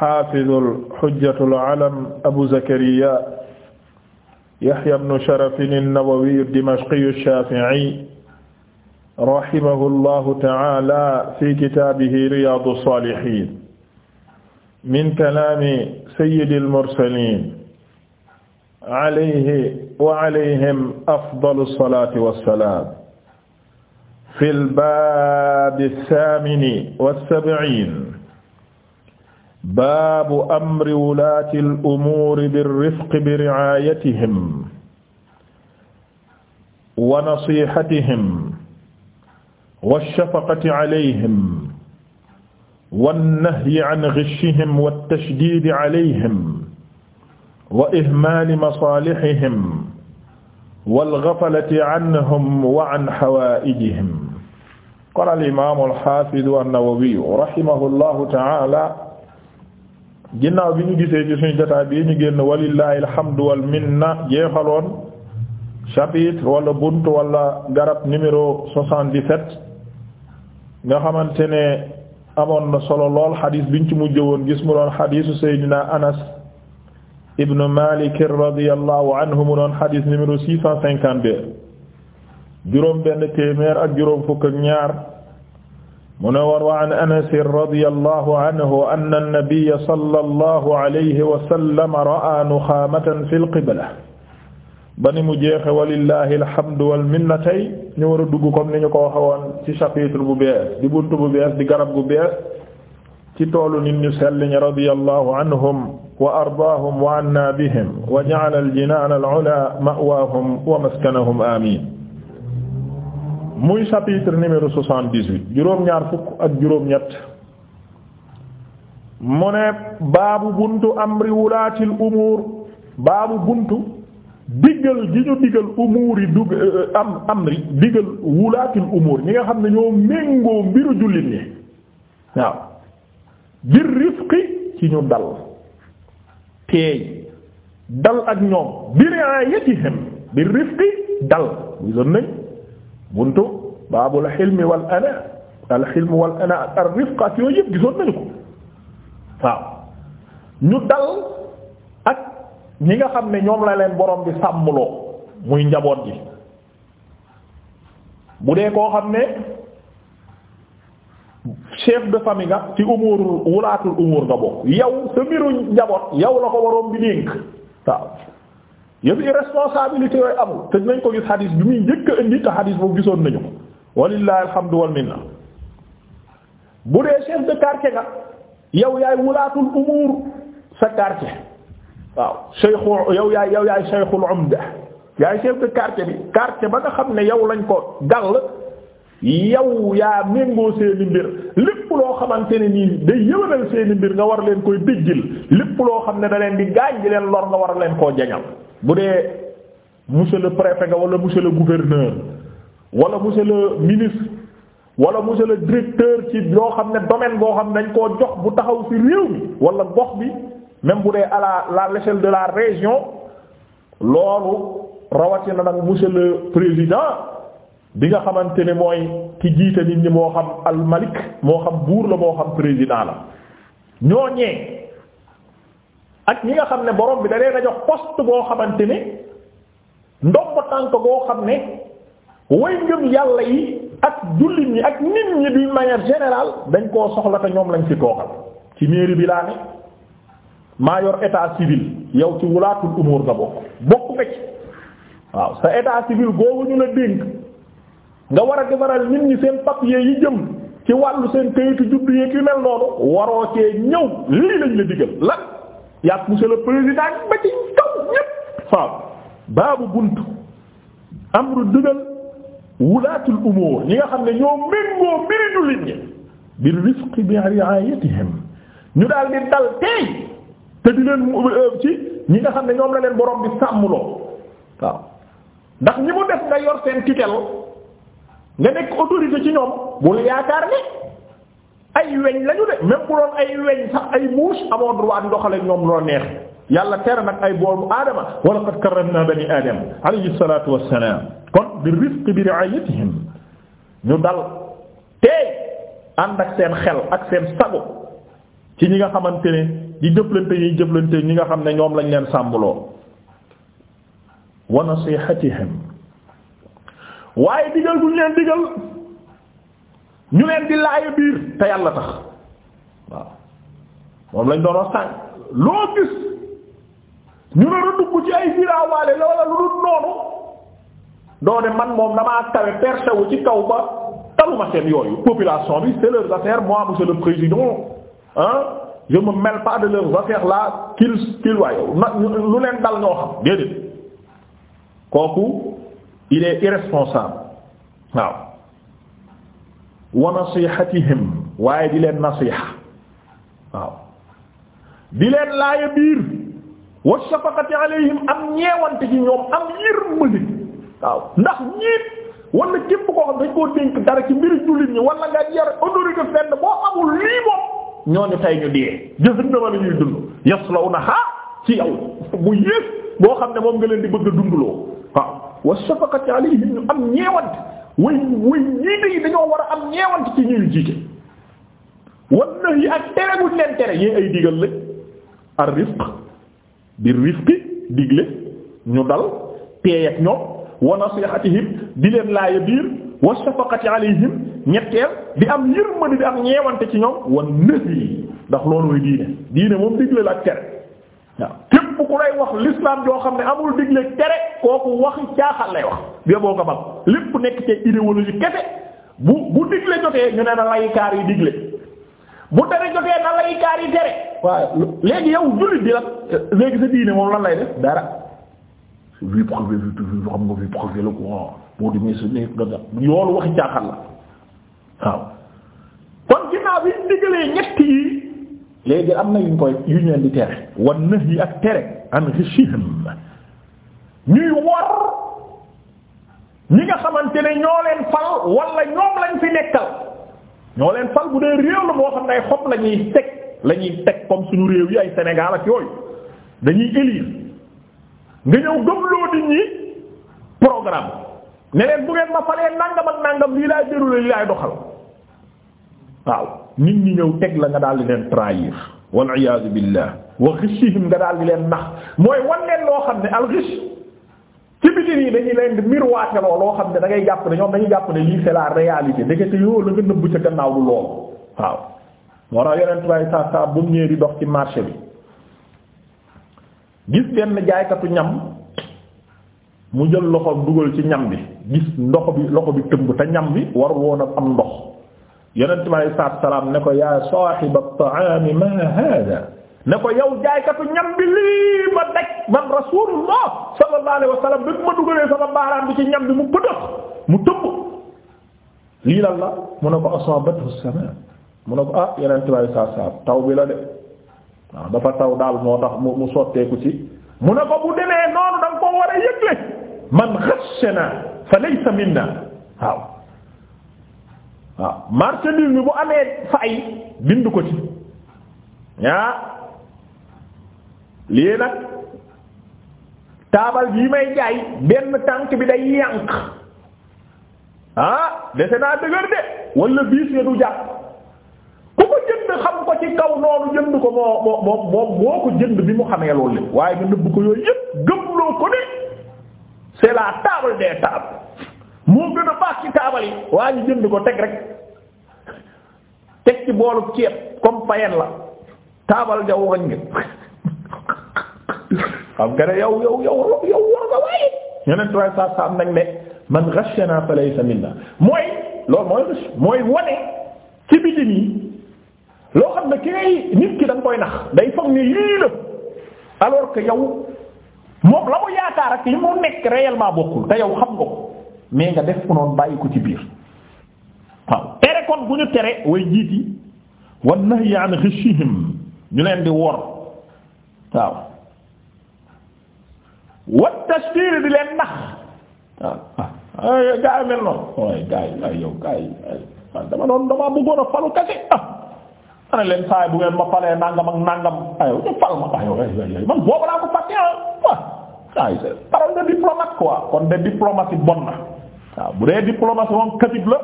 alxafidu alxujjatu alalam abu zakariya yaxya ibnu sharafin annawawiyu dimashqiyu alshaafici rahimahu llahu taala fi kitaabihi riyaadu saalihiin min kalaami sayyidi almursaliin alayhi wa alayhim afdalu salaati wa salaam fil baabi saamini wa sabciin baabu amri wulaati al-umuuri bir-rifqi bi-ri'aayatihim wa nasiihatihim wash-shafaqati 'alayhim wan-nahyi 'an ghishshihim wat-tashdiidi 'alayhim wa ihmaali masaalihihim wal-ghaflati 'anhum wa 'an hawaa'ijihim. Qaala al-imaamu al-haafidu an-Nawawi rahimahu llaahu ta'aalaa ginnaaw bi ñu gisee ci suñu jotaay bii ñu génn walillahi alhamdu wal minna jeexaloon chapitre walla bunt wala garab numéro 77 nga xamante ne amoon na solo lool xadis biñ ci mujj woon gis mu doon xadisu Seydina Anas ibn Malik radiyallahu anhu mu doon xadis numéro 652 juróom benn téeméer ak juróom fukk ak ñaar mu ne woon wa an anas radiyallahu anhu anna an-nabiyya sallallahu alayhi wa sallam ra'a nuxaamatan fil qibla ba ni mu jeexe walillahi alhamdu wal minna tey ñu war a dugg comme ni ñu ko waxoon ci chapitre bu bees di buntu bu bees di garab gu bees ci toolu nit ñu sell ñi radiyallahu anhum wa ardaahum wa anna bihim wa ja'ala al-jinaan al-'ulaa ma'waahum wa maskanahum amiin muy chapitre numéro soixante-dix-huit juróom-ñaar fukk ak juróom-ñett mu ne baabu buntu amri wulaatil umuur baabu buntu diggal gi ñu diggal umuur yi dug eh, am amri diggal wulaatil umuur ñi nga xam ne ñoo méngoo mbiru jullit ñi waaw bir rifqi ci ñu dal teey dal ak ñoom bi ri'aayatihim bir rifqi dal bu nañ buntu baabul xilmi wal ana al xilmi wal ana ak ar rifqa yooyu yëpp gisoon nañu ko waaw ñu dal ak ñi nga xam ne ñoom la leen borom bi sàmmloo muy njaboot ji bu dee koo xam ne chef de famille nga ci umur wulaatul umur nga bokk yow sa mbiru njaboot yow la ko waroon bi dénk waaw yëpp irresponsabilité yooyu amul te dinañ ko gis xadis bi muy njëkk a indi te xadis boobu gisoon nañu ko walillahi alhamdu wal minna bu dee chef de quartier nga yow yaay wulaatul umuur sa quartier waaw cheikhu yow yaay yow yaay cheikhul umda yaay chef de quartier bi quartier ba nga xam ne yow lañ ko dal yow yaa méngoo seeni mbir lépp loo xamante ne nii day yëwénal seeni mbir nga war leen koy dijjil lépp loo xam ne da leen di gaañ di leen lor nga war leen koo jañal bu dee monsieur le préfet nga wala monsieur le gouverneur wala monsieur le ministre wala monsieur le directeur ci loo xam ne domaine boo xam ne dañ koo jox bu taxaw ci réew mi wala gox bi même bu dee à la la l'échelle de la région loolu rawatina nag monsieur le président. bi nga xamante ne mooy ki jiite nit ñi moo xam almalik moo xam buur la moo xam président la ñooñee ak ñi nga xam ne borom bi da leen a jox poste boo xamante ni ndomb tànk goo xam ne way ngëm yàlla yi ak jullit ñi ak nit ñi d'une manière générale dañ koo soxla te ñoom lañ fi toogal ci mairie bi laa ne maa yor état civil yow ci wulaatul umur nga bokk bokk nga ci waaw sa état civil googu ñu la dénk nga war a defaral nit ñi seen papier yi jëm ci wàllu seen kayitu juddu yeeg yu mel noonu waroo cee ñëw lii lañ la digal yàgg monsieur le président ba ci kaw ñépp waaw baabu bunt amru dugal wulaatul umuur ñi nga xam ne ñoo méngoo mbiri nit ñi bi risque bi riayatihim ñu daal di dal tey te di leen euh, ci ñi nga xam ne ñoom la leen borom bi sàmmloo waaw ndax ñi mu def nga yor seen tutelle nga nekk autorité ci ñoom bul yaakaar ne ay weñ lañu de même bu doon ay weñ sax ay muus amoo droit ndoxale ñoom loo neex yàlla tere nag ay boobu aadama wa laqad karramna bani aadama alayhi salaatu wassalaam kon bi rifqi bi ri'ayatihim ñu dal teey ànd ak seen xel ak seen sago ci ñi nga xamante ne di jëflante ñuy jëflante ñi nga xam ne ñoom lañ leen sàmbloo wa nasihatihim waaye digal bu leen digal ñu leen di laaya biir te yàlla tax waaw moom lañ doon wax sànq loo gis ñu ne la dugg ci ay giraawaale loola lu dul noonu doo ne man moom damaa tawe percé wu ci kaw ba taluma seen yooyu population bi c'est leurs affaires moi monsieur le président hein je me mêle pas de leurs affaires là qu'ils qu'ils waaye na lu leen dal ñoo xam déedéet kooku il est irresponsable waaw. wa nasihatihim waaye di leen nasiha waaw di leen laaya biir wa shafaqati alayhim am ñeewante ci ñoom am yërmande waaw ndax ñiit wala képp koo xam dañ koo dénk dara ci mbiru jullit ñi wala nga yar autorité fenn boo amul lii moom ñooñu tey ñu dee jahannama la ñuy dund yaslawnaha ci yow bu yées boo xam ne moom nga leen di bëgg a dundloo waaw wa shafaqati alayhim am ñeewante way way jiite yi dañoo war a am ñeewante ci ñuy jiite wan na yi ak tere guñ leen tere yéen ay digal la ar rifq di rifqi digle ñu dal teey ak ñoom wa nasihatihim di leen laaya biir wa shafaqati alayhim ñetteel di am yërmande di am ñeewante ci ñoom wan na yi ndax loolu way diine diine moom digle la ak tere waaw képp ku lay wax l'islam joo xam ne amul digle tere kooku waxi caaxal lay wax yoboo nga bam lépp nekk ci idéologie kese bu bu digle jotee ñu ne na laykaar yi digle bu tere jotee na laykaar yi tere waaw léegi yow jullit bi la léegi sa diine moom la lay def dara vie privée vie privée xam nga vie privée boo demee sa nekk danga yoolu waxi caaxal la waaw kon ginnaaw bi digalee ñett yi léegi am na ñu koy yuñ leen di tere wan nëx yi ak tere an ghishihim ñuy war ñi nga xamante ne ñoo leen fal wala ñoom lañ fi nekkal ñoo leen fal bu dee réew la moo xam ne ay xob lañuy ñuy teg la teg comme suñu réew yi ay Sénégal ak yooyu dañuy élire nga ñëw gëmloo nit ñi programme ne bu ngeen ma falee nangam ak nangam lii laay déroulé lii laay doxal waaw nit ñi ñëw teg la nga daal di leen trahir wal iyaazu billah wa ghishihim nga daal leen nax mooy wan leen loo xam ne al ghish ci biti nii dañuy leen di miroiteloo loo xam ne dangay jàpp ne ñoom dañuy jàpp ne lii c'est la réalité ndekete yoo la nga nëbb ca gannaaw lu lool waaw moo tax yeneen tubaab yi saa saa bu mu dox ci marché bi gis benn jaaykatu ñam mu jël loxo dugal ci ñam bi gis ndox bi loxo bi tëmb te ñam bi war woon a am ndox. yonent bi alayhi salaatu wa salaam ne ko yaa saahib at-ta'aam ma haadaa ne ko yow jaaykatu ñam bi lii ma daj man rasulullah sallallahu alayhi wa sallam bëgg ma dugalee sama baaraam bi ci ñam bi mu pëtëx mu tëbb lii lan la mu ne ko asaabathu as-samaa mu ne ko ah yonent bi alayhi salaatu wa salaam taw bi la de waaw dafa taw daal moo tax mu mu sotteeku ci mu ne ko bu demee noonu da nga ko war a yëgle man ghashshanaa fa laysa minnaa waaw. waaw marchandise bi bu amee fay bind ko ci ah lii nag taabal bii may jaay benn tànk bi day yànq ah dese naa dëgër de wala biis ya jàpp ku ko jënd xam ko ci kaw noonu jënd ko moo moo moo moo ko jënd bi mu xamee loolu waaye nga nëbb ko yooyu yëpp gëmloo ko ne c'est la table des moo gën a baax ci taabal yi waa ñu jënd ko teg rek teg ci boolu ceeb comme payen la taabal ja wañ ngi xam nga ne yow yow yow yow war nga waaye yeneen trois cent cent nag ne man ghashana falaysa minna mooy loolu mooy mooy wane ci biti nii loo xam ne ki nit ki da koy nax day foog ni yii la alors que yow moom la mu yaakaar ak li mu nekk réellement bokkul te yow xam nga ko mais nga def ko noonu bàyyi ko ci biir tere kon bu ñu tere way jiit yi wan nahyi an ghishihim ñu leen di wor waaw wat tashdir di leen nax waaw gaa yi mel noonu waaye gaa yi ay yow gaa yi dama doon dama bëggoon a falu kase ah leen saay bu ngeen ma falee nangam ak nangam aywa ñu fal ma aywa man boobu laa ko fàtte ah waaw ay c'est parole de diplomate quoi kon de diplomatie bon na waaw bu dee diplomatie moom katib la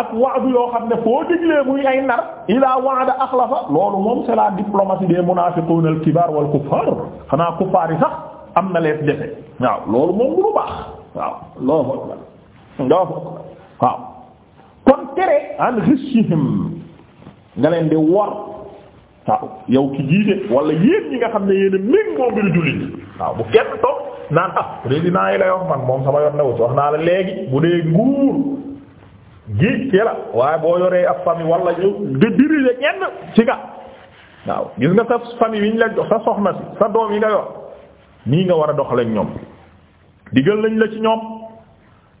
ak waadu yoo xam ne foo diglee muy ay nar ila waada axlafa loolu moom c'est diplomatie des munafiqun al kibar xanaa kuffar na lees defe waaw loolu moom bu lu baax waaw Allahu akbar Allahu akbar waaw kon tere an ghishihim nga leen di wor waaw yow ki jiite wala yéen yi nga xam ne yéen a méngoo mbiru jullit waaw bu kenn toog naan ah président yi lay wax man moom sama yor na wut wax naa la léegi bu dee nguur gi ci la waaye boo yoree ab famille wala ñu di diriger ñenn ci nga waaw gis nga sa famille yi ñu la sa soxna sa doom yi nga yor nii nga war a doxalee ak ñoom digal lañ la ci ñoom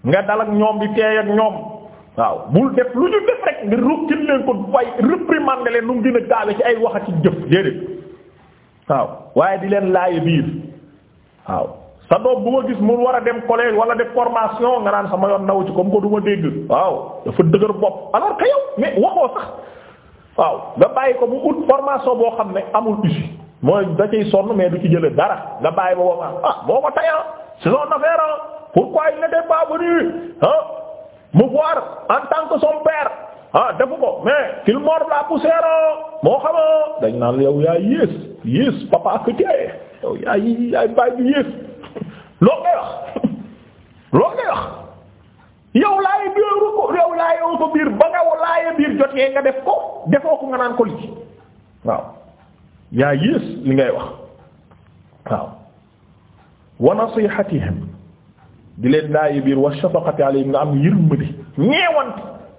nga dal ak ñoom di teey ak ñoom waaw bul def lu ñu def rek nga rokkil leen ko way réprimander leen nu mu gën a ci ay wax ak ci jëf déedéet waaw waaye di leen laaye biir waaw sa doom bu ma gis mu war a dem collège wala def formation nga naan sama yoon naw ci comme ko du ma dégg waaw dafa dëgër bopp alors que yow mais waxoo sax waaw nga bàyyi ko bu ut formation boo xam ne amul usine mooy da ciy sonn mais du ci jële dara nga bàyyi ba ba a ah, boo ko tayal c'est son affaire pourquoi il n'était pas venu ah mu voir en tant que son père ah defu ko mais qu'il mord la poussière moo xamoo dañ naan yow yaa yées yées papa que tu yaay loolu ngay wax loolu ngay wax yow laay biiru ko yow laayoo ko biir ba nga laaya biir jotee nga def ko defoo ko nga naan ko lii waaw yaa yées li ngay wax waaw wa nasihatihim di leen laaya biir wa shafaqati alayhim nga am yërmande ñeewant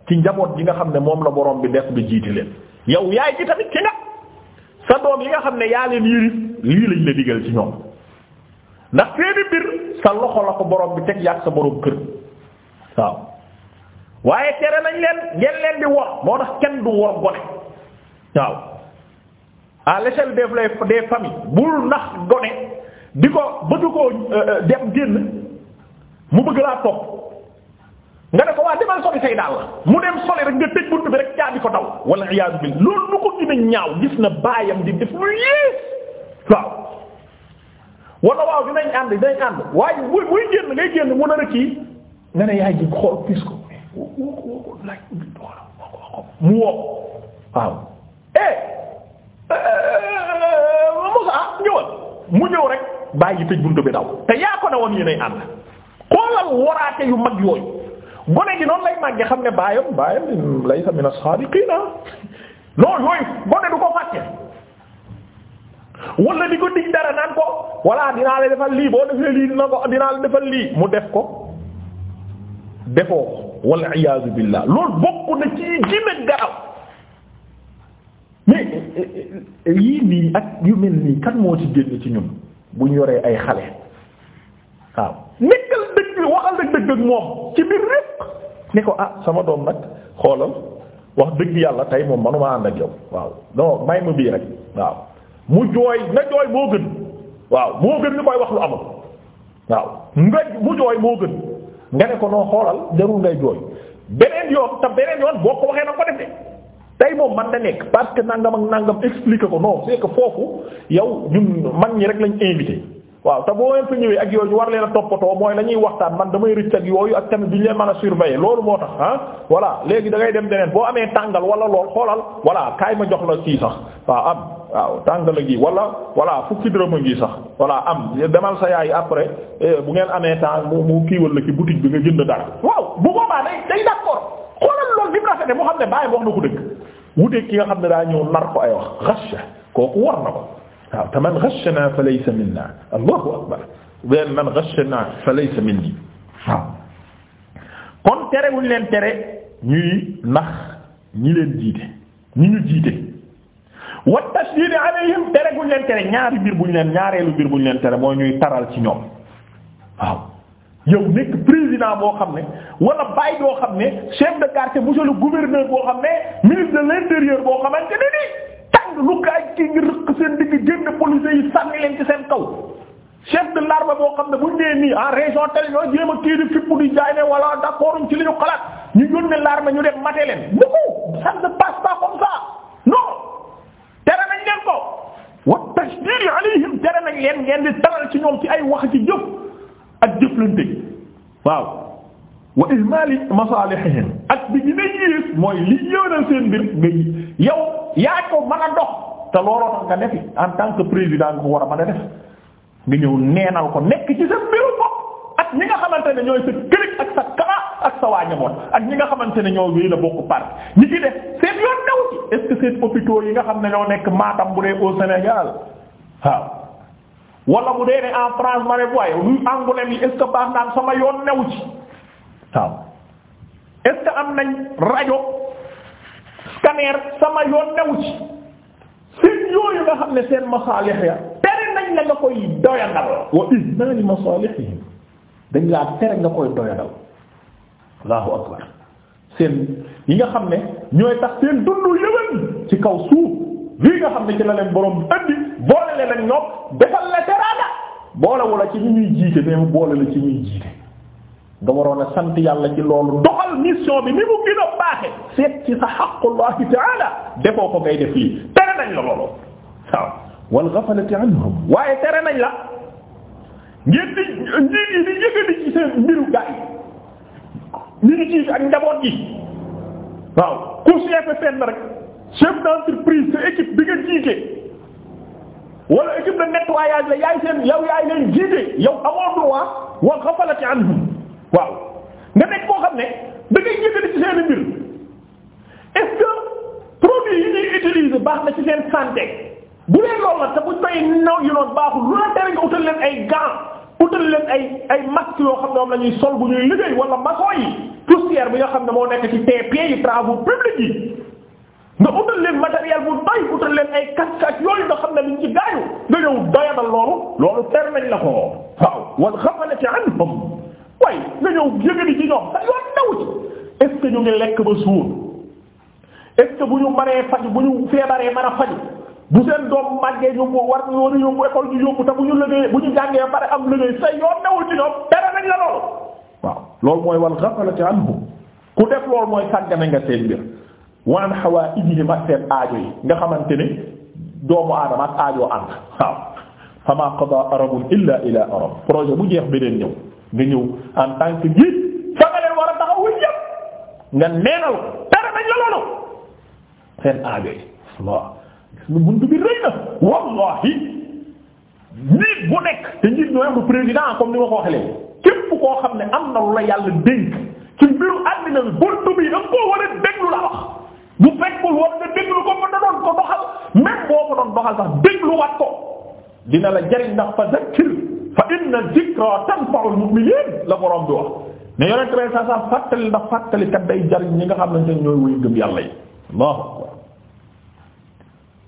ci njaboot gi nga xam ne moom la borom bi def bi jiite leen yow yaay ji tamit nga sa doom yi nga xam ne yaa leen yërif lii lañ la digal ci ñoom ndax seeni mbir sa loxo la ko borom bi teg yàgg sa borom kër waaw waaye tere nañ leen ngeen leen di wor moo tax kenn du wor gone waaw à l'échelle des des familles bul nax gone di ko bëgg koo euh, euh, dem génn mu bëgg laa topp nga ne ko waa demal soli say daal la mu dem soli rek nga tëj bunt bi rek caabi ko daw walla iyaatu bi loolu lu ko gën a ñaaw gis na baayam di def lu yées waaw wala waaw dinañ ànd dinañ ànd waaye muy muy génn ngay génn mu nar a kii nga ne yaay ji xool gis ko mu woo waaw eh, eh, eh, eh Moussa ñëwal mu ñëw rek bàyyi tëj bunt bi daw te yaa ko ne woon yéenay ànd xoolal waraate yu mag yooyu gone gi noonu lay màggee xam ne baayam baayam laysa min as-saadiqiina non yooyu gone du ko fàtte. wala di ko dig dara naan ko walla dinaa la defal lii boo defee lii dina ko dinaa la defal lii mu def ko defoo ko walla iyaazu billaah loolu bokk na ci gine eh, eh, nii ak yu mel nii kan moo ci génn ci ñun bu ñu yoree ay xale waaw nekkal dëgg waxal nag dëgg ak moom ci biir rek ne ko ah sama doom nag xoolal wax dëgg yàlla tey moom manuma ànd ak yow waaw non may mu bii rek waaw mu jooy na jooy moo gën waaw moo gën ñu koy wax lu amul waaw nga mu jooy moo gën nga ne ko noo xoolal jarul ngay jooy beneen yoon te beneen yoon boo ko waxee na ko def tey moom man na nekk parce que nangam ak nangam expliquer ko non c'est que foofu yow ñun mag ñi rek lañ invité. waaw te boo leen fa ñëwee ak yooyu war leen a toppatoo mooy la waxtaan man damay rëcc ak yooyu ak tamit duñ leen man a surveiller loolu moo tax ah voilà léegi dangay dem deneen boo amee tàngal wala lool xoolal voilà kaay ma jox la kii sax waaw am waaw tàngala gi wala voilà fukki dërëm a ngi sax voilà am demal sa yaay après eh, bu ngeen amee temps mu mu kiiwal la ki boutique bi nga jënd dara waaw bu boobaa day day d'accord xoolal loolu bi mu rafetee moo xam ne bàyyi wax na ko dëgg wuteeg ki nga xam ne daa ñëw nar ko ay wax xasha kooku war na waaw te man ghashana fa laysa minna allahu akbar benn man ghashana fa laysa minni waaw kon terewuñ leen tere ñuy nax ñi leen jiite ñi ñu jiite wa tashdid alayhim tere buñ leen tere ñaari mbir buñ leen ñaareelu mbir buñ leen tere mooy ñuy taral ci ñoom waaw yow nekk président boo xam ne wala baay boo xam ne chef de quartier monsieur le gouverneur boo xam ne ministre de l'intérieur boo xamante ne ni lu kaay kii ngi rëq seen digg génn police yi sànni leen ci seen kaw chef de l'armée boo xam ne bu ñu nii en région telle ñoo jéem a kii di fippu di jaay ne wala d'accord ci li ñu xalaat ñu yónnee l'armée ñu dem mate leen beaucoup ça ne passe pas comme ça non tere nañ leen ko wa tashdid alayhim tere nañ leen ngeen di taral ci ñoom ci ay wax ci jëf ak jëflante waaw. wa ihmaali masaalihihim ak bi dina yées mooy li yéwénal seen mbir nga yow yaa ko mën a dox te looloo nga ne fi en tant que président nga ko war a mën a def nga ñëw neenal ko nekk ci sa mbiru bopp ak ñi nga xamante ne ñooy sa kërik ak sa kala ak sa waañamoon ak ñi nga xamante ne ñoo wéy la bokk parti ñi ci def seen yoon new ci est que seen hôpitaux yi nga xam ne ñoo nekk Matam bu dee au Sénégal waaw wala bu dee ne en France ma ne waaye luy Angoulême yi ci waaw est am nañ rajo scanner sama yoon new ci seen yooyu nga xam ne seen masaalix ya tere nañ la nga koy doyandal wa ihmaani masaalixihim dañ laa tere nga koy doyandal allahu akbar seen yi nga xam ne ñooy tax seen dundu yëwén ci kaw suuf lii nga xam ne ci la leen borom andi boole leen ak ñoom defal la teraanga boole wala ci ñu ñuy jiite mais boole la ci ñuy jiite nga waroon a sant yàlla ci loolu doxal mission bi ni mu gën a baaxe seet ci sa xaqullahi taala defoo ko ngay def lii tere nañ la loolu waaw wal ghaflati anhum waaye tere nañ la ngeen di njiit yi di yëgadi ci seen mbiru gaa yi ñu ngi ci ak njaboot gi waaw ku chef fenn rek chef d'entreprise sa équipe bi nga jiite wala équipe de nettoyage la yaay seen yow yaay leen jiite yow amoo droit wal ghaflati anhum waaw nga nekk koo xam ne da ngay yëkkati ci seen di est-ce que produit yi ñuy utiliser baax na ci seen santé bu leen loolu la te naw yu noonu baaxul lu la tere nga utal leen ay gants utal leen ay ay masques yoo xam ne moom lañuy ñuy sol bu ñuy liggéey wala ma yi poussière bi nga xam ne moo nekk ci TP yi travaux publics yi. nga utal leen matériel bu doy utal leen ay casque ak yooyu nga xam ne liñ ci gaayu nga ñëw doyadal loolu loolu tere nañ la ko waaw wal ghaflati anhum waaye nga ñëw yëgadi ci ñoom sa yoon naw ci est ñu ngi lekk ba suur est que bu ñu mënee faj bu ñu feebaree mën a faj bu seen doom màggee ñu ko war war a yóbbu école ñu yóbbu te bu ñu lëgee bu ñu jàngee bare am lëgee sa yoon nawul ci ñoom tere nga seen mbir wa an hawaa'ijihim ak seen aajo yi nga xamante ni doomu aadama ak aajoo ànd waaw fama qada arabun illa ila arab projet bu jeex beneen ñëw nga ñëw en tant que jiit fa nga leen war a taxawul yëpp nga neenal dara dañ la loolu seen aajo yi waaw gis nga buntu bi rëy na wallahi nit bu nekk te njiit ñooy am président comme ni ma ko koo xam ne am na lu la yàlla dénk ci mbiru àddina bi buntu bi da koo war a déglu la wax bu fekkul war nga déglu ko mën na doxal même boo ko doon doxal sax déglu wat ko dina la jariñ ndax fa zakkir fa inna dhikra tanfa'ul mu'minin la borom bi wax ne yonent bi saa saa fàttali ndax fàttali kat day jariñ ñi nga xam ne ñooy wuyu gëm yàlla yi Allahu akbar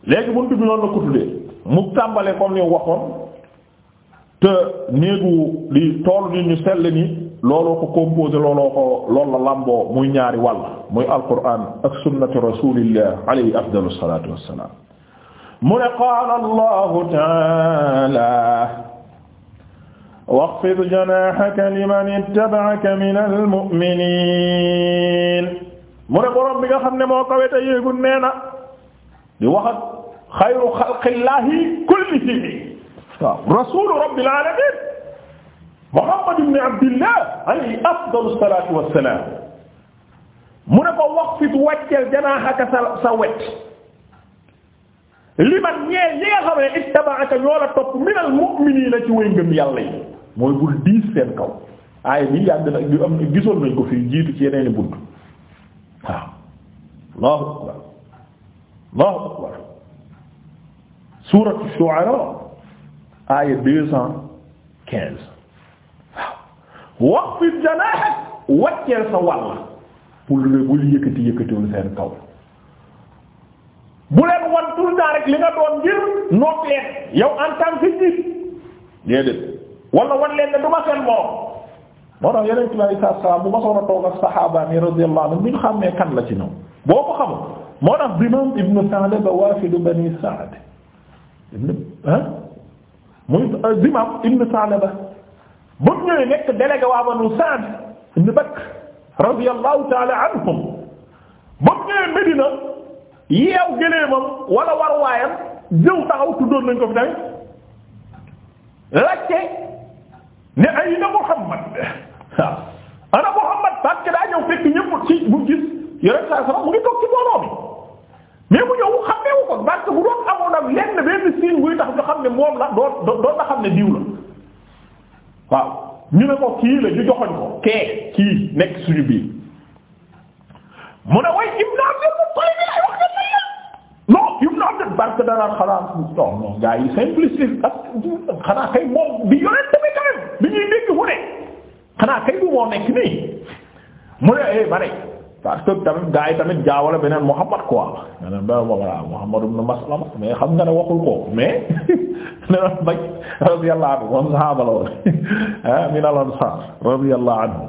léegi buntu bi noonu ko tuddee mu tàmbalee comme ni waxoon te néegu di tool ni ñu sell ni looloo ko composé looloo ko loolu la lamboo muy ñaari wàll muy alquran ak sunnatu rasulillah alayhi afdalu salatu wassalam mu ne qaala Allahu ta'ala waxfid janaahaka liman ittaba'aka minal mu'miniin mu ne borom bi nga xam ne moo kawe te yéegul nee na di wax ak xayru xalqillaahi kullihi waaw rasuulu rabbil aalamiin Muhammad ibn Abdillah alayhi afdalu salaatu wa salaam mu ne ko waxfid wàcceel janaahaka sa sa wet liman ñeel ñi nga xam ne ittaba'aka ñoo la topp minal mu'miniin ci way ngëm yàlla yi. mooy bul diis seen kaw aaya bi yàgg na di am gisoon nañ ko fii jiitu ci yeneeni bunt waaw allahu akbar allahu akbar suuratu shu'ara aaya deux cent quinze waaw waqfid janaahak wacceel sa wàll bul ne bul yëkkati yëkkatiwul seen kaw bu leen wan tout rek li nga doon ngir noot leen yow en tant que nit déedéet wala wan leen ne du ma seen morom moo tax yeneen ci alayhi salaam bu ma soog a toog ak saxaaba yi radiyallahu anhum bu ñu kan la ci boo ko xamul moo tax Dimaam ibn Sa'laba waafidu Bani Sa'd ah muy Dimaam euh, ibn Sa'laba ba mu ñëwee nekk délégué waa Banu Sa'd ibn Bakr radiyallahu ta'ala anhum ba mu ñëwee Medina yeew gëléemam wala war waayam jëw taxaw tuddoon nañ ko fi tamit ne ay na Muhammad waaw ana Muhammad parce que daa ñëw fekk ñëpp ci bu gis yore saa sama mu ngi toog ci mbooloo mi mais mu ñëw xamee wu ko parce que bu doon amoon ak lenn benn signe buy tax ñu xam ne moom la doo doo na xam ne diw la waaw ñu ne ko kii la ñu joxoñ ko kee kii nekk suñu biir mu ne way Ibn Abdul Muttalib wax na non yu mu na am def barke danaan xanaa non non gars yi simplicité ak xanaa kay moom bi yoneen tamit quand même bi ñuy dégg fu ne xanaa kay bu moo nekk nii mu ne eh, ma ne parce que tamit gars yi tamit jaawale beneen Muhammad quoi nga ne ba wala Muhammad ibn Maslama mais xam nga ne waxul ko mais nenoon baj radiyallahu anhu moom sahaaba la woon ah, min al ansar radiyallahu anhu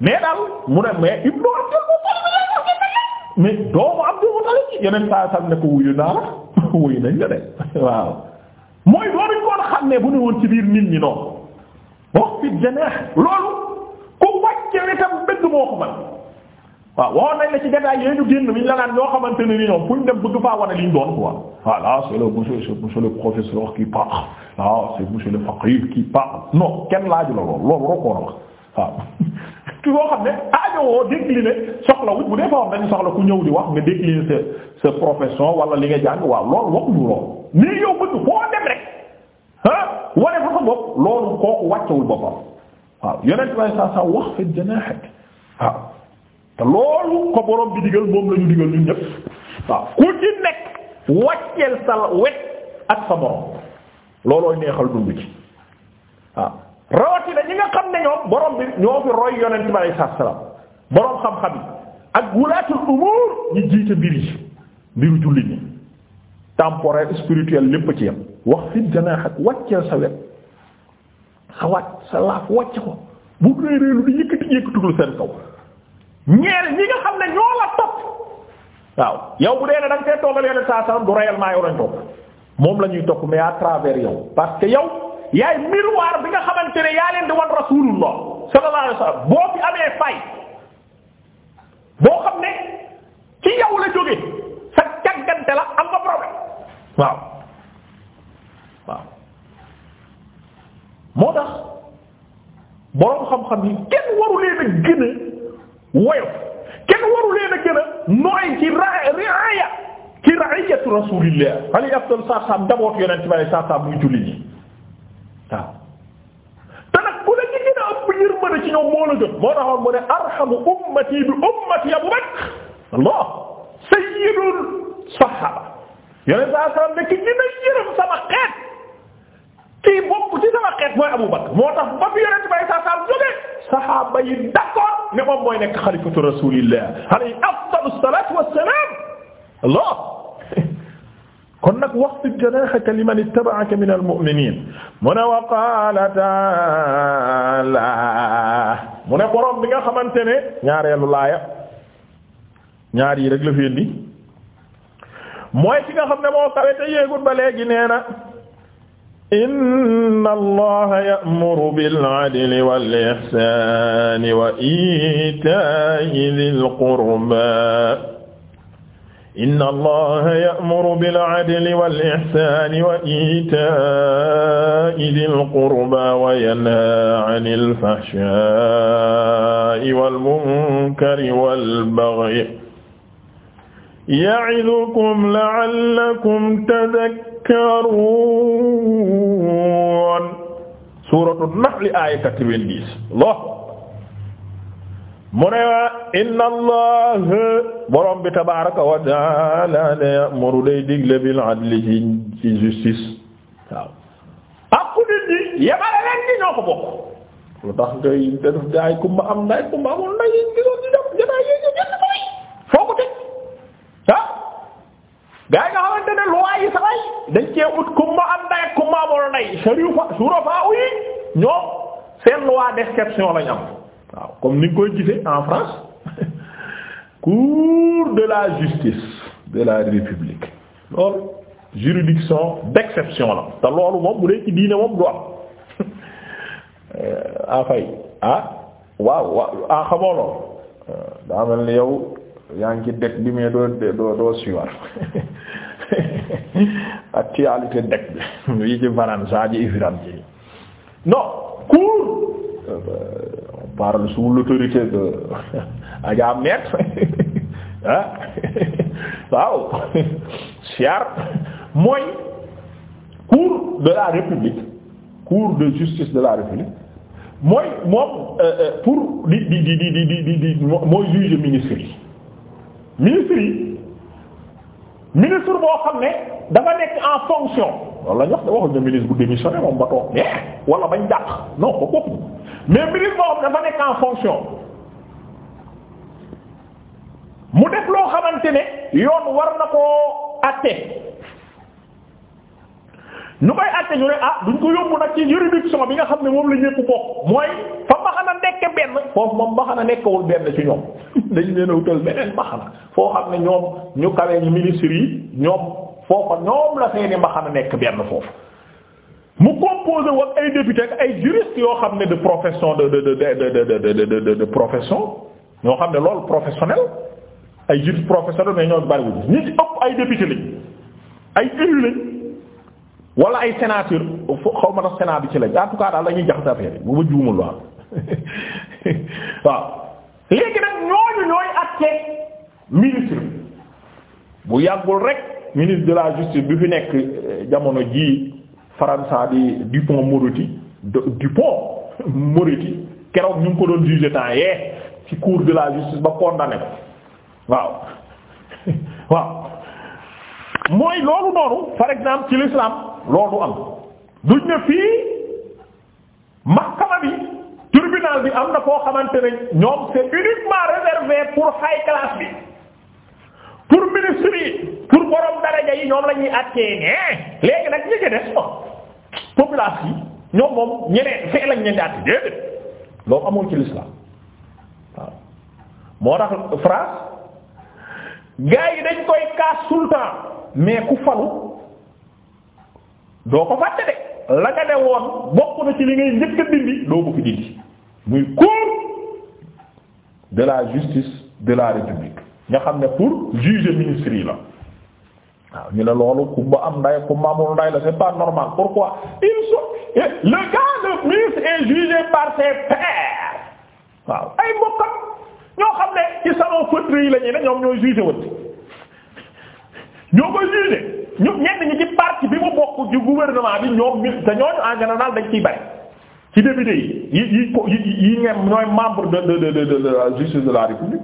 mais daal mu ne mais ibnu Abdul mais doomu Abdul Muttalib yeneen saa sam ne ko wuyu naa la wuyu nañ la de waaw mooy doonuñ koon xam ne bu ne woon ci biir nit ñi noonu wax fi janaax loolu ko man waaw waxoon nañ la ci gataay yooyu ñu génn bi ñu xamante ne ni ñoom fu ñu dem bëgg faa wane li le monsieur monsieur le professeur qui parle le faqih qui parle non kenn laaju la lool loolu waroo ko war a wax waaw surtout yoo xam ne aajowoo décliné soxlawut bu dee fa wax dañu soxla ku ñëw di wax nga décliné sa sa profession wala li nga jàng waaw loolu waxuñu lool nii yow bëgg foo dem rek ah wane fa sa bopp loolu ko borom bi digal moom la digal ñun ñëpp waaw ku ci nekk wàcceel sa wet ak sa borom loolooy neexal dund ci waaw. rawatina ñi nga xam ne ñoom borom bi ñoo fi roy yonent bi alayhi salaam borom xam-xam yi ak wulaatul umur ñi jiite mbir yi mbiru jullit ñi temporel spirituel lépp ci yam wax fi janaax ak wàcceel sa wet sa wàcc sa laaf wàcc ko bu rëy rëy lu di yëkkati yëkkatugul seen kaw ñeer ñi nga xam ne ñoo la yow bu dee ne da nga see toogal yonent saa salaam du réellement yow lañ topp moom la ñuy topp mais à travers yow parce que yow. yaay miroir bi nga xamante ne yaa leen di wan rasulullah sallallahu alayhi wasallam boo fi amee fay boo xam ne ci yow la jóge sa càggante la am nga problème waaw waaw moo tax boroom xam-xam yi kenn waru leen a gën a woyof kenn waru leen a gën a nooy ci riaya ci raiyatu rasulillah alayhi afdal sa sam daboot yonent bi sallallahu alayhi wasallam muy julli ñi waaw te nag ku la ci gën a ëpp yërmande ci ñoom moo la jot moo taxoon mu ne arhamu ummati bi ummati Abu Bakr Allah sayyidul sahaba yoneen saa sallam ne ki gën a yërëm sama xeet kii bokk ci sama xeet mooy Abu Bakr moo tax ba fi yonent bay saa sallam jógee sahaaba yi d'accord ne moom mooy nekk xalifatu rasulillah alayhi afdalu salatu wassalam Allah kon nag waxfid janaahaka liman ittaba'aka minal mu'miniin mu ne wa qaala ta'aala mu ne borom bi nga xamante ne ñaareelu laaya ñaar yi rek la fi indi mooy ci nga xam ne moo kawe te yéegul ba léegi nee na inna allaha ya'muru bil 'adli wal ihsaani wa iitaa'i dhil qurba inna allaha ya'muru bil 'adli wal ihsaani wa iitaa'i dhil qurba wa yanhaa 'anil fahshaa'i wal munkari wal baghyi ya'idukum la'allakum tadhakkaruun suuratu nahl aaya 90 mu ne inna allaha borom bi tabaaraka wa ta'ala ya'muru day digle bil adli ci ci justice waaw ak ku nit ñi yebale leen ñi ñoo ko bokk lu tax ngay def gaay kumba am yi gisoon di def janaay yi ñu jënd mooy foo ko teg ah gaay nga xamante ne lu waayi saxay dañ cee ut kumba am nday kumba amul nday sharifa surafa yi ñoom seen loi d'exception am waaw comme ni nga koy gisee en France ku de la justice de la république loolu juridiction d'exception la te loolu moom bu dee ci diine moom du am en ah, fait ah waaw waaw ah xamoo loolu ah, daa ni yow yaa ngi ci dëkk bi mais doo doo doo actualité dëkk bi yi ci France ji Iran ji non cour euh, euh, parle sous l'autorité de Adja Maître ah waaw siyaar mooy cour de la république cour de justice de la république mooy moom euh, euh, pour di di di di di di mooy juge ministre yi ministre boo xam ne dafa nekk en fonction loolu la ñu wax de ministre bu démissionné moom ba toog wala bañ dàq non ko kooku mais ministre boo xam ne dafa nekk en fonction mu def loo xamante ne yoon war na koo àtte ñu koy àtte ñu ne ah duñ ko yóbbu nag ci juridiction bi nga xam ne moom la ñépp bokk mooy fa mbaxana nekk benn foofu moom benn ci ñoom dañ leen a wutal beneen foo xam ne ñoom ñu kawee ñu yi ñoom foofa ñoom la mbaxana nekk benn foofu mu composé woon ay député ak ay juriste yoo xam ne de profession de de de de de de de de profession ñoo xam ne loolu professionnel ay jiitu professeur mais ñoo bariwul ñi ci ëpp ay député lañ ay élu lañ wala ay sénateur xaw ma tax sénat ci lañ en tout cas daal dañuy jaxase affaire yi bu ma juumul waaw waaw léegi nag ñooñu ñooy àtte ministre bu yàggul rek ministre de la justice bi fi nekk eh, jamono ji Faransa di Dupont Moretti Dupont Moretti keroog ñu ngi ko doon juger temps yee ci cour de la justice ba condamné ko waaw waaw mooy loolu noonu par exemple ci l'islam loolu am duñ ne fii mahkama bi tribunal bi am na koo xamante ne ñoom c'est uniquement réservé pour high class bi pour ministre yi pour borom daraja yi ñoom la ñuy àttee ne nag ñi ci des ma oh, population yi ñoom moom ñeneen fee lañ ñeen di àtte déedéet loolu amul ci l'islam moo tax France gaa yi dañ koy kaas sultan mais ku falu doo ko fàtte de la nga ne woon bokk na ci li ngay njëkk a dindi doo ko fi dindi muy cour de la justice de la république nga xam ne pour juger ministre la waaw ñu ne loolu ku ba am nday ku ma nday la c'est pas normal pourquoi ils sont le gars de ministre jugé par ses waaw ay mbokkam ñoo xam ne ci salon yi la ñuy ñoom ñooy jugé wut ñoo koy jugé ñu ñenn ñi ci parti bi mu bokk ci gouvernement bi ñoom ñu te ñooñu en dañ ciy bari ci député yi yi yi ko yi ñoom ñooy membre de de de de la justice de la république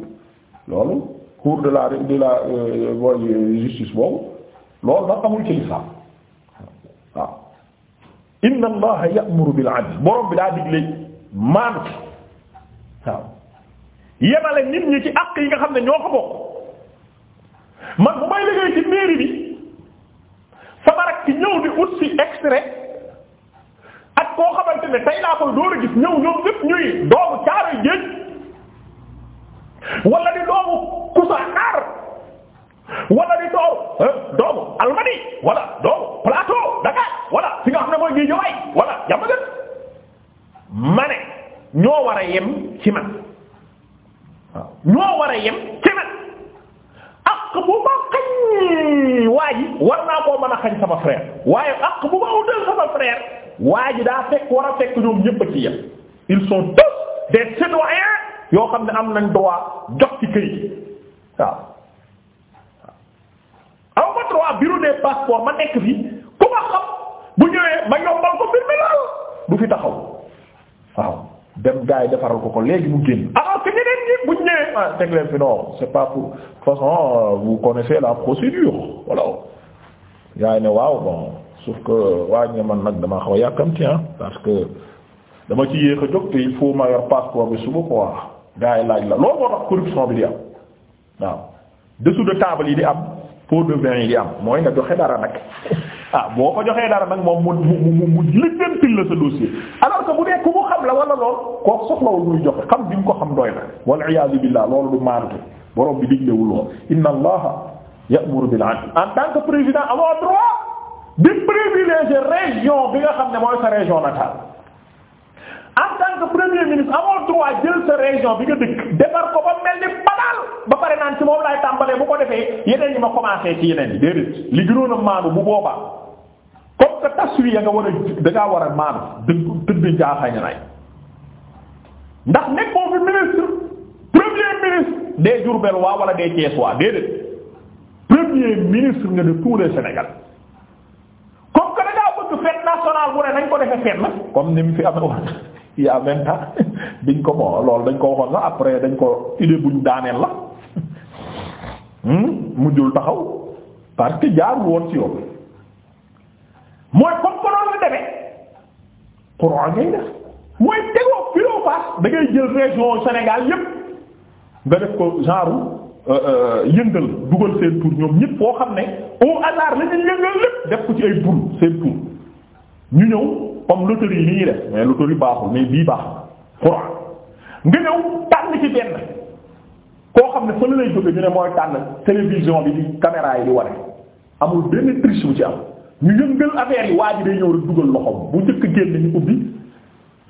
loolu cour de la de la euh, justice boobu loolu dafa amul ci waaw. inna allaha ya'muru bil 'adl borom bi daa digle maandu waaw. yemale nit ñi ci àq yi nga xam ne ñoo ko bokk man bu may liggéey ci mairie bi sama rak ci ñëw di ut si extrait ak koo xamante ne tey laa door a gis ñëw ñoom ñëpp ñuy doomu caaroy géej wala di doomu Kousanaar wala di doomu eh, doomu Almadi doomu Plateau Dakar wala fi nga xam ne mooy Guédiawaye wala jàmm ma ne ñoo war a yem ci man. ñoo war a yem ci nag ak bu ma xañ waa war naa koo mën a xañ sama frère waaye ak bu ma utal sama frère waa ji daa fekk war a fekk ñoom ñépp a ci yem ils sont tous des citoyens yoo xam ne am nañ droit jox ci kër yi waaw aw ma droit bureau des passeports ma nekk fi ku ma xam bu ñëwee ma yombal ko mbir mi lool du fi taxaw waaw dem gars yi defaral ko ko léegi mu génn alors ah, que ah, ñeneen ñi buñ ñëwee ah teg fi non c'est pas pour façon euh, vous connaissez la procédure voilà gars yi ne waaw bon sauf que waa ñu man nag damaa xaw a yàkkamti ah parce que dama ci yéex a jóg te il faut ma yor passeport bi suba quoi gars yi laaj la loo moo tax corruption bi di am waaw dessous de table yi di am pot de vin yi di am mooy nga joxe dara nag. ah boo ko joxee dara nag moom mu mu mu lijjantil la sa dossier alors que bu dee ku mu xam la wala lool koo soxlawul muy joxe xam bi mu ko xam doy na wal iyaadu billah loolu du maandu borom bi diglewul lool inna allaha ya'muru bil adl en tant que président amoo droit di privilégier région bi nga xam ne mooy sa région natale en tant que premier ministre amoo droit jël sa région bi nga dëkk defar ko ba mel ni banaal ba pare naan ci moom laay tàmbalee bu ko defee yeneen ñi ma commencé ci yeneen yi déedéet que taswiya nga war a dangaa war a maanu dëgg tëdd njaaxañanaay ndax nekkoo fi ministre premier ministre des Diourbel waa wala des Thiès waa déedéet premier ministre nga de tout Sénégal comme que dangaa bëgg fête nationale bu ne nañ ko defee fête la comme ni mu fi amee woon il y a vingt ko bon loolu dañ ko waxoon sax après dañ ko idée buñ daaneel la hmm? mujjul taxaw parce que jaarul woon ci yoon. mooy comme ko noonu la Qur'an ngay def mooy tegoo filoo paas da jël région Sénégal yépp nga def ko genre euh, euh, yëngal dugal seen tur ñoom ñépp koo xam ne au hasard la yëngal lépp def ko ci ay tur seen tur ñu ñëw comme loterie li ñuy def mais loterie baaxul mais bii baaxul Qur'an nga ñëw tànn ci benn koo xam ne fa la lay jóge ñu ne mooy tànn télévision bi di caméra yi di ware amul benn bu ci am ñu yëngal affaire yi waa ji day ñëw dugal loxoom bu njëkk génn ñu ubbi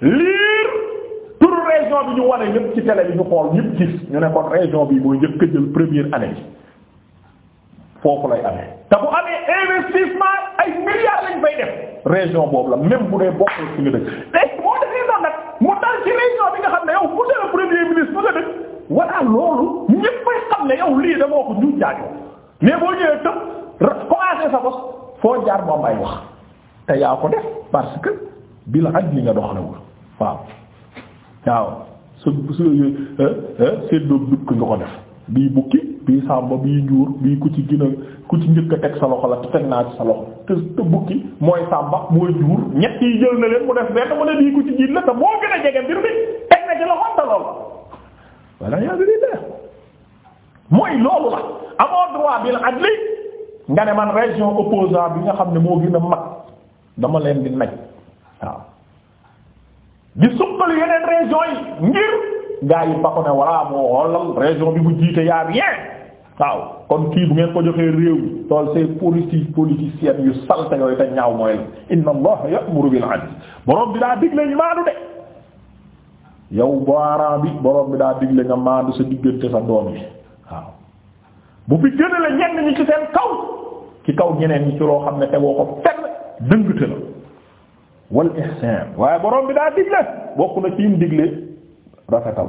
liir turu région bi ñu wane ñépp ci télé bi ñu xool ñépp gis ñu ne kon région bi mooy njëkk a jël première bi foofu lay amee. te bu amee investissement ay milliards lañ fay def région boobu la même bu dee bokkul suñu dëkk te moo defee noonu nag mu dal ci région bi nga xam ne yow monsieur le premier ministre nga dëkk walla loolu ñépp fay xam ne yow lii dafa ko ñu jaajëf mais boo ñëwee foo jaar moom ay wax te yaa ko def parce que bil adli nga doxalewul waaw waaw su su seddoo euh, euh, dukk nga ko def bii bukki bii a ku ci njëkk a teg sa loxo la te teg naa ci sa loxo te te bukki mooy sàmba mooy njuur ñett yi jël na leen mu def benn mu ne bii ku ci jiit la te moo gën a jege mbir mi teg na ci loxo te loolu walla yaa bi di mooy loolu la amoo droit bil adli nga ne man région opposant bi nga xam ne moo gën mag dama leen di naj waaw di suqal yeneen région yi ngir gaa yi ba walla moo xoolal région bi bu jiite yaa rien waaw kon kii bu ngeen ko joxee réew mi loolu c'est politique politicien yu salte yooyu te ñaaw mooy la inna allaha ya'muru bil 'adl borom bi daa digle maandu de yow booraan bi borom bi daa digle nga maandu sa diggante sa doom yi waaw bu fi gënale ñenn ñi ci seen kaw ci kaw geneen ñi ci loo xam ne te tegoo ko fenn dëngte la wal ihsan waaye borom bi daa digle bokk na ci yim digle rafetal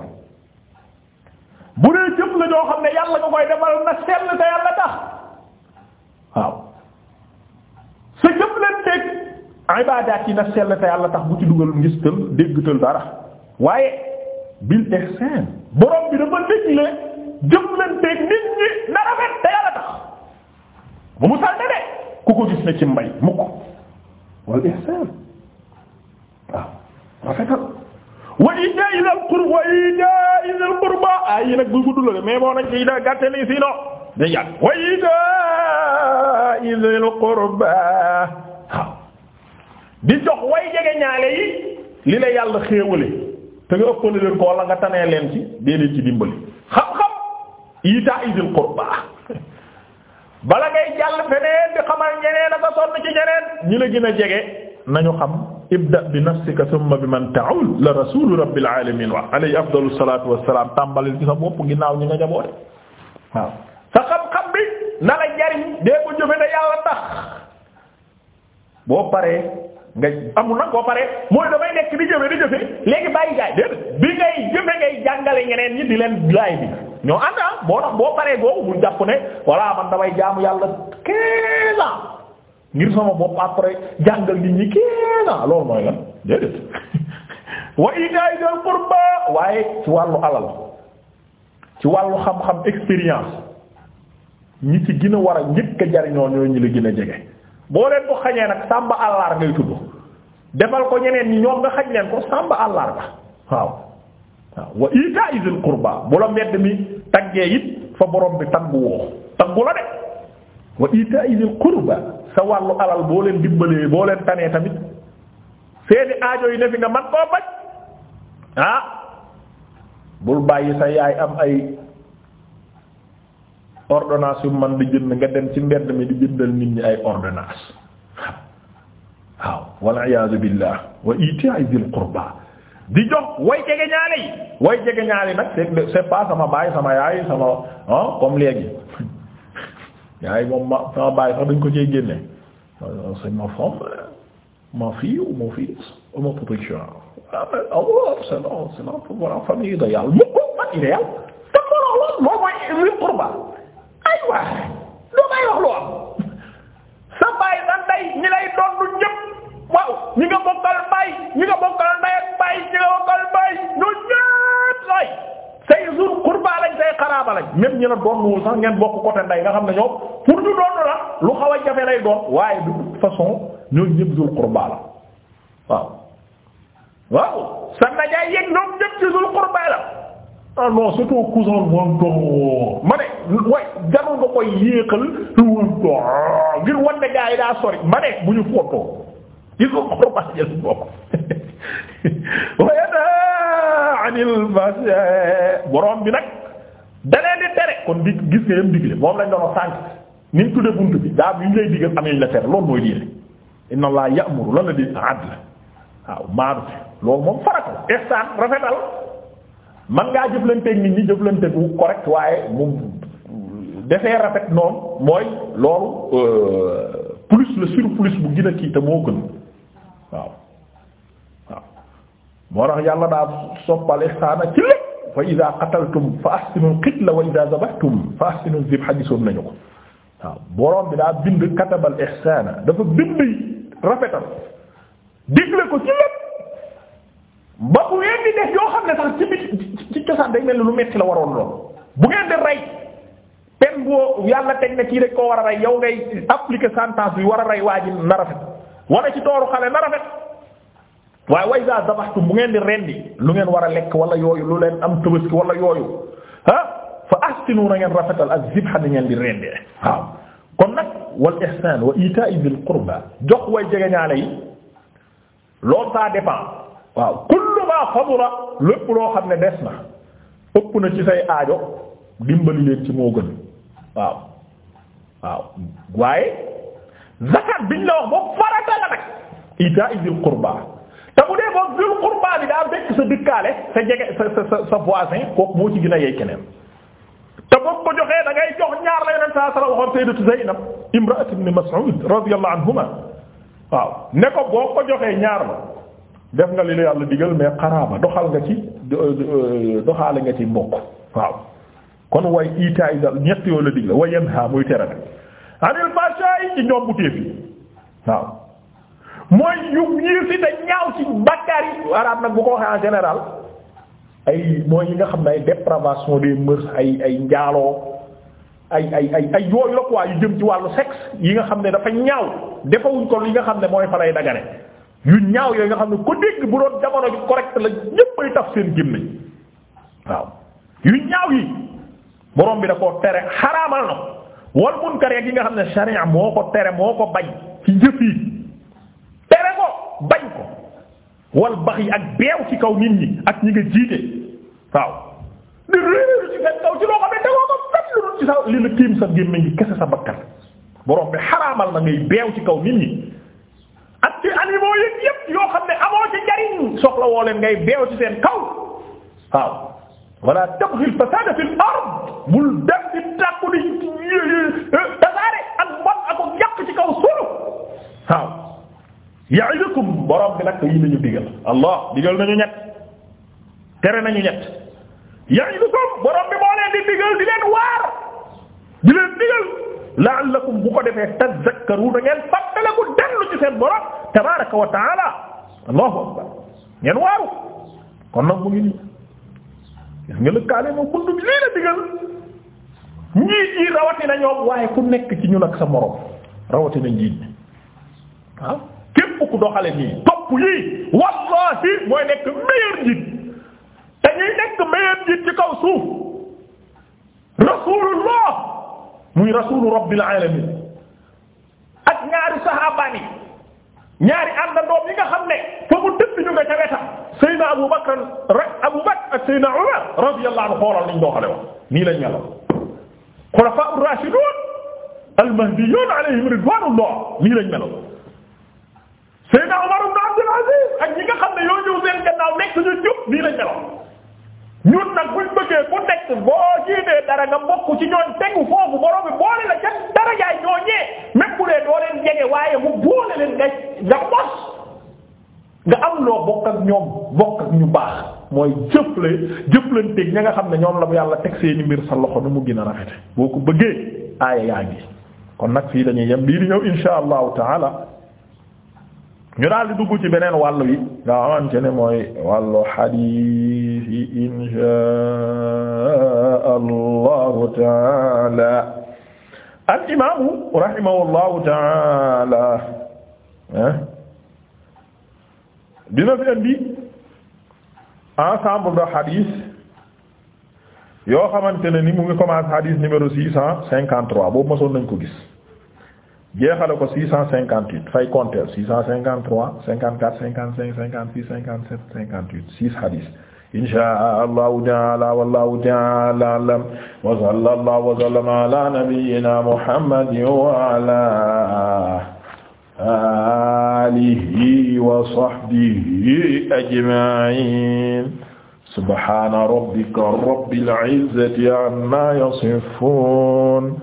bu dee jëf la ñoo xam ne yàlla nga koy defal na sell te yàlla tax waaw sa jëf leen teg ibaadaat yi na sell te yàlla tax bu ci dugal ngistal déggtal dara waaye bil ihsan borom bi dafa digle jëflanteeg nit ñi na te yàlla tax bu mu sànni ku ko gis ne ci mbay mukk wal ihsan waaw rafetal wa ah, yi nag bu gudd la de mais boo nañ ci da gàtte ni si no day yàgg wa ita'i dal qurba di jox way jege ñaale yi li la yàlla xéewale te nga ëppale ko wala nga tanee leen ci dee leen ci dimbali xam-xam itaa idil qurba bala ngay jàll feneen di xamal ñeneen ak a sonn ci ñeneen ñi la gën a jege nañu xam ibda bi nafsika thumma bi man ta'ul la rasulu rabbil alamin wa alayhi afdalu salatu wassalam tàmbalil ci sa bopp ginnaaw ñi nga jaboote waaw la jariñ dee ko jëfe na yàlla tax boo paree nga amul nag boo paree mooy damay nekk di jëfe di jëfe léegi bàyyi gaay déedéet bi ngay jëfe ngay jàngale ñeneen ñi di leen laay bi ñoo ànd ah boo tax boo paree googu bul jàpp ne voilà man damay jaamu yàlla quinze ngir sama bopp après jàngal nit ñi quinze loolu mooy lan déedéet wa itaay waaye ci wàllu alal ci wàllu xam-xam expérience ñi ci gën war a njëkk a jariñoo ñoo ñu la gën a jege boo leen ko xañee nag sàmba àllaar ngay tudd defal ko ñeneen ñi ñoom nga xañ leen ko sàmba àllaar ba waaw waaw wa ita isil qurba bu la mbedd mi taggee it fa boroom bi taggu woo taggu la de wa ita isil qurba sa wàllu alal boo leen dimbalee boo leen tanee tamit seeni aajo yi ne bi nga man koo faj ah, bul bàyyi sa yaay am ay ordonnance yu man di jënd nga dem ci mbedd mi di jëndal nit ñi ay ordonnance waaw wal iyaazu billah wa ita'i dil qurba di jox way jege ñaale yi way jege ñaale nag c'est c'est pas sama baay sama yaay sama ah comme léegi yaay moom ma sama baay sax dañ ko cee génne euh, c'est ma femme ma fille ou mon fils ou ma protection ah mais ah waaw c'est non c'est non pour la famille idéale mu ko man idéal te loolu mooy li qurba même ñi la doon sax ngeen bokk côté nday nga xam ne ñoom pour ñu doon la lu xaw a jafe lay doon waaye de toute façon ñooñu ñëpp dul qurba la waaw. sa najaay yeeg ñoom ñëpp ci dul qurba la ah non surtout cousin moom ma ne waaye jarul nga koy yéexal ngir wan gaa yi daa sori ma ne bu ñu footoo ci dul qurba jël bokk waaye daa anil borom bi nag. da leen di tere kon di gis nga yam digle moom lañ doon sànq ni mu tudde bunt bi daa bi ñu lay digal am ñu la tere loolu mooy diine inna allah ya'muru lan la di adl waaw maanu loolu moom farata ihsaan rafetal man ngaa jëflanteeg nit ñi jëflante bu correct waaye mu defee rafet noonu mooy loolu euh, plus le surplus bu gën a kii te moo gën waaw waaw moo tax yàlla daa soppal ihsaan ci lépp wa idha qataltum fa ahsinul qitla wa idha zabahtum fa ahsinuz zib hadisoon nañu ko waaw borom bi daa bind katabal ihsana dafa bind rafetal digle ko ci lépp ba bu ngeen di def yoo xam ne sax ci bi ci cosaan day mel ni lu metti la waroon lool bu ngeen di rey pen boo yàlla teg na kii rek koo war a rey yow ngay appliquer sentence bi war a rey waa ji na rafet wala ci tooru xale na rafet waaye way daa dabaxtum bu ngeen di rendi lu ngeen war a lekk wala yooyu lu leen am tabaski wala yooyu ah fa ahsinu na ngeen rafetal ak zibha ni ngeen di rendee waaw kon nag wal ihsan wa ita'i dil qurba jox way jegeñaale yi loolu lépp loo xam ne des na ëpp aajo dimbali leen ci moo te bu dee moom dul xurba bi daa bekk sa dëkkaale sa jege sa sa sa voisin kooku moo ci gën a yey keneen te boo ko joxee da ngay jox ñaar la yonent saa sala waxoon sayyidatu Zaynab imra'at ibn Mas'ud radiyallahu anhuma waaw ne ko boo ko joxee ñaar la def nga li la yàlla digal mais xaraaba doxal nga ci euh, euh, doxaale nga ci mbokk waaw kon way itaay dal ñett yooyu la digle way yanha muy tere nag anil fahsha'i ci ñoom bu téef waaw mooy yu yées te ñaaw yi nag bu ko waxee en ay mooy nga xam ne ay dépravation ay ay njaaloo ay ay ay ay yooyu la quoi yi nga xam ne dafa ñaaw defawuñ ko li nga xam ne mooy fa lay yu ñaaw yooyu nga xam ne ko dégg bu doon jamono ji correct la ñëppay taf seen gémmiñ ñaaw yi borom bi da koo tere xaraamal na wal munkar yi nga xam ne sharia moo ko tere moo ko bañ ci jëf bañ ko wal bax ak beew ci kaw nit ñi ak ñi nga jiite waaw di réeréeru ci seen kaw ci loo xam ne ko fet lu li la sa gémmiñ kese sa bakkan borom bi xaraamal na ngay beew ci kaw nit ñi ak ci animaux yi yépp yoo xam ne amoo ci njariñ soxla woo leen ngay beew ci seen kaw waaw wala tabghil fasada fil ard bul dem di tàkku di tasaare ak bon ak yàq ci kaw suuf waaw amartukum borom bi nag te yii nañu digal allah digal nañu ñett tere nañu ñett ya'idukum borom bi moo leen di digal di leen waar di leen digal la'allakum bu ko defee tadhakkaruna ngeen fàttaliku dellu ci seen borom tabaaraka wa ta'ala allahu akbar ngeen waaru kon nag mu ngi nii gis nga lëkkaale moom bunt bi lii la digal njiit yi rawatina ñoom waaye ku nekk ci ñu ak sa morom rawatina njiit waaw képp ku doxale nii topp yii wallahi mooy nekk meilleur njiit te ñuy nekk meilleur njiit ci kaw suuf muy rasulu ne fa mu tëdd ñu nga ca Abu Bakr Abu Bakr ak Seydina Umar radiyallahu anhu xoolal nii lañ meloon xulafa'ur rashidun al-mahdiyun alayhim ridwanullah nii lañ meloon Seydina Umar ibn Abdul Aziz ak ñi nga xam ne ñu jub nii la ñu nga bokk ci ñoon tegu la ca nga nga mos nga am loo bokk xam ne ñoom la yàlla teg seeni mbir sa loxo nu mu gën a rafete boo ko bëggee aaya yaa ngi kon nag fii dañuy yem bii di ñëw insha allahu taala ñu daal di dugg ci beneen wàll wi nga xamante ne mooy wàllu xadiis yi inshaa allahu taala al imaamu rahimahullahu taala ah, dina fi indi ensemble de xadiis yoo xamante ne ni mu ngi commence xadiis numéro six cent cinquante trois boobu mosoon nañ ko gis jeexale ko six cent cinquante huit fay compter six cent cinquante trois cinquante quatre cinquante cinq cinquante six cinquante sept cinquante huit six hadis inshaa allahu taala wallahu taala alam wa sallallahu wa sallama ala nabiyyina muhammadin wa ala alihi wa sahbihi ajma'in subhana rabbika rabbil izzati amma yasifun